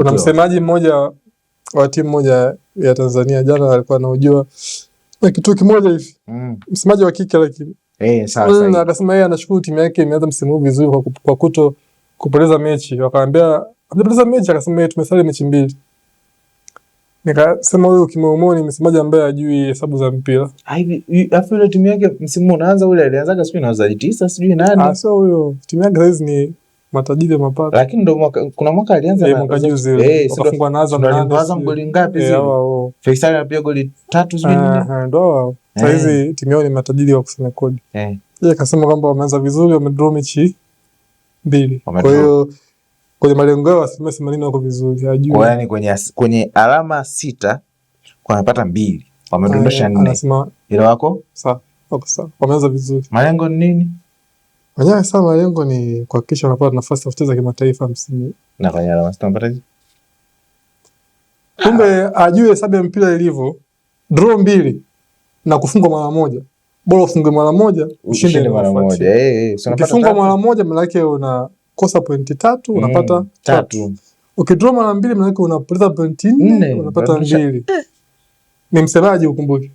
Kuna msemaji mmoja wa timu moja ya Tanzania jana alikuwa anaojua na kitu kimoja hivi mm. msemaji wa kike lakini eh, sasa akasema yeye anashukuru timu yake imeanza msimu huu vizuri kwa, kwa kuto kupoteza mechi. Wakaambia amepoteza mechi, akasema eh, tumesali mechi mbili. Nikasema huyu kimeumoni msemaji ambaye ajui hesabu za mpira. Ah, alafu ile timu yake msimu unaanza ule alianzaga sijui na wazaji tisa sijui nani. Ah, so huyo timu yake saizi ni matajiri mapato. Lakini ndo mwaka kuna mwaka alianza eh, na mwaka juzi eh, wakafungwa na Azam na Azam goli ngapi eh, zile? Faisal anapiga goli tatu zile. Eh, ah, ndio wao. Sasa hizi timu yao ni matajiri wa kusanya kodi. Eh. Yeye akasema kwamba wameanza vizuri, wamedraw mechi mbili. Kwa hiyo kwenye malengo yao asilimia themanini wako vizuri, hajui. Kwa yani kwenye kwenye alama sita kwa anapata mbili. Wamedondosha ah, nne. Anasema ila wako? Sawa. Wako sawa. Wameanza vizuri. Malengo ni nini? Wenyewe sasa malengo ni kuhakikisha unapata nafasi ya kucheza kimataifa msimu. Na kwenye alama sita mpaka Kumbe ajue hesabu ya mpira ilivyo, draw mbili na kufungwa mara moja. Bora ufunge mara moja, ushinde mara moja. Eh, eh so unapata kufungwa mara moja maana yake unakosa pointi tatu, mm, unapata mm, tatu. Ukidraw mara mbili maana yake unapoteza pointi nne, unapata mbili. Ni msemaji ukumbuke.